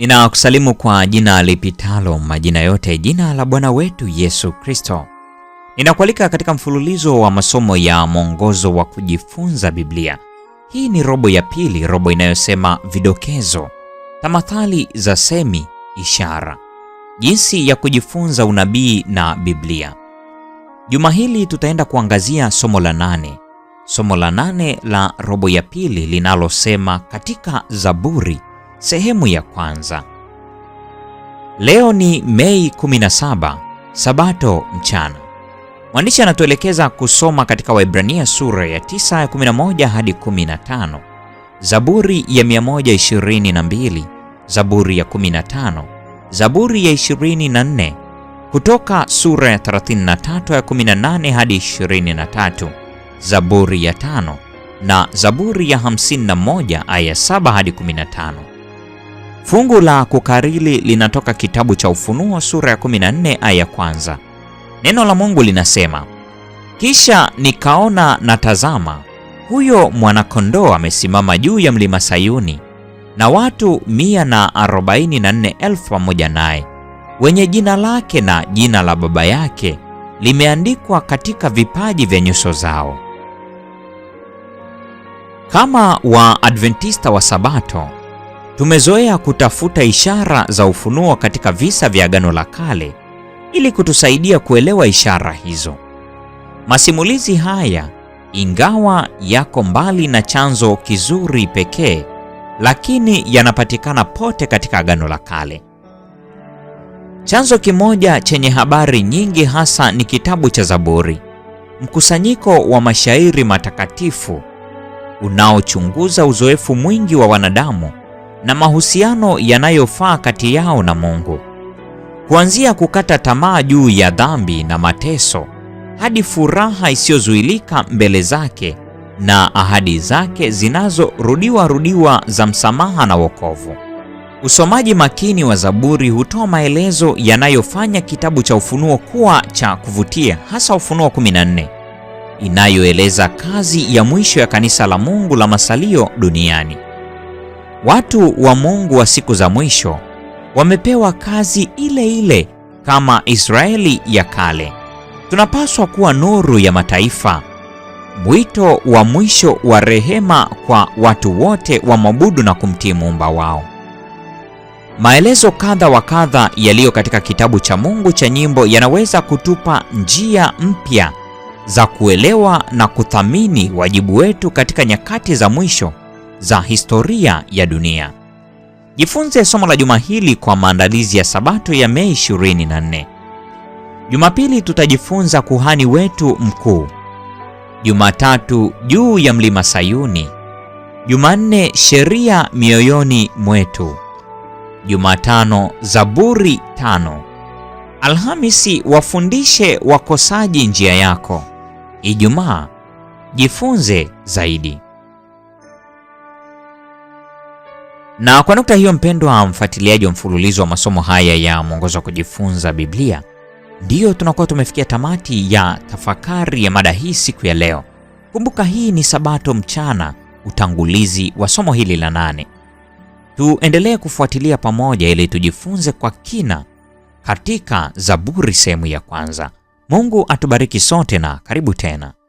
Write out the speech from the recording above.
Ninakusalimu kwa jina lipitalo majina yote, jina la Bwana wetu Yesu Kristo. Ninakualika katika mfululizo wa masomo ya mwongozo wa kujifunza Biblia. Hii ni robo ya pili, robo inayosema vidokezo, tamathali za semi, ishara, jinsi ya kujifunza unabii na Biblia. Juma hili tutaenda kuangazia somo la nane, somo la nane la robo ya pili linalosema katika Zaburi sehemu ya kwanza. Leo ni Mei 17, Sabato mchana. Mwandishi anatuelekeza kusoma katika Waebrania sura ya 9 ya 11 hadi 15, Zaburi ya 122, Zaburi ya 15, Zaburi ya 24, Kutoka sura ya 33 ya 18 hadi 23, Zaburi ya 5 na Zaburi ya 51 aya 7 hadi 15. Fungu la kukariri linatoka kitabu cha Ufunuo sura ya 14 aya ya kwanza. Neno la Mungu linasema, kisha nikaona na tazama, huyo mwanakondoo amesimama juu ya mlima Sayuni na watu mia na elfu pamoja naye wenye jina lake na jina la Baba yake limeandikwa katika vipaji vya nyuso zao. Kama Waadventista wa Sabato Tumezoea kutafuta ishara za ufunuo katika visa vya Agano la Kale ili kutusaidia kuelewa ishara hizo. Masimulizi haya ingawa yako mbali na chanzo kizuri pekee, lakini yanapatikana pote katika Agano la Kale. Chanzo kimoja chenye habari nyingi hasa ni kitabu cha Zaburi, mkusanyiko wa mashairi matakatifu unaochunguza uzoefu mwingi wa wanadamu na mahusiano yanayofaa kati yao na Mungu, kuanzia kukata tamaa juu ya dhambi na mateso hadi furaha isiyozuilika mbele zake na ahadi zake zinazorudiwa rudiwa za msamaha na wokovu. Usomaji makini wa Zaburi hutoa maelezo yanayofanya kitabu cha Ufunuo kuwa cha kuvutia, hasa Ufunuo 14 inayoeleza kazi ya mwisho ya kanisa la Mungu la masalio duniani. Watu wa Mungu wa siku za mwisho wamepewa kazi ile ile kama Israeli ya kale. Tunapaswa kuwa nuru ya mataifa. Mwito wa mwisho wa rehema kwa watu wote wa mwabudu na kumtii muumba wao. Maelezo kadha wa kadha yaliyo katika kitabu cha Mungu cha Nyimbo yanaweza kutupa njia mpya za kuelewa na kuthamini wajibu wetu katika nyakati za mwisho za historia ya dunia. Jifunze somo la juma hili kwa maandalizi ya Sabato ya Mei 24. Jumapili tutajifunza kuhani wetu mkuu. Jumatatu juu ya mlima Sayuni. Jumanne sheria mioyoni mwetu. Jumatano Zaburi tano. Alhamisi wafundishe wakosaji njia yako. Ijumaa jifunze zaidi. Na kwa nukta hiyo, mpendwa mfuatiliaji wa mfululizo wa masomo haya ya mwongozo wa kujifunza Biblia, ndiyo tunakuwa tumefikia tamati ya tafakari ya mada hii siku ya leo. Kumbuka hii ni Sabato mchana, utangulizi wa somo hili la nane. Tuendelee kufuatilia pamoja ili tujifunze kwa kina katika Zaburi sehemu ya kwanza. Mungu atubariki sote na karibu tena.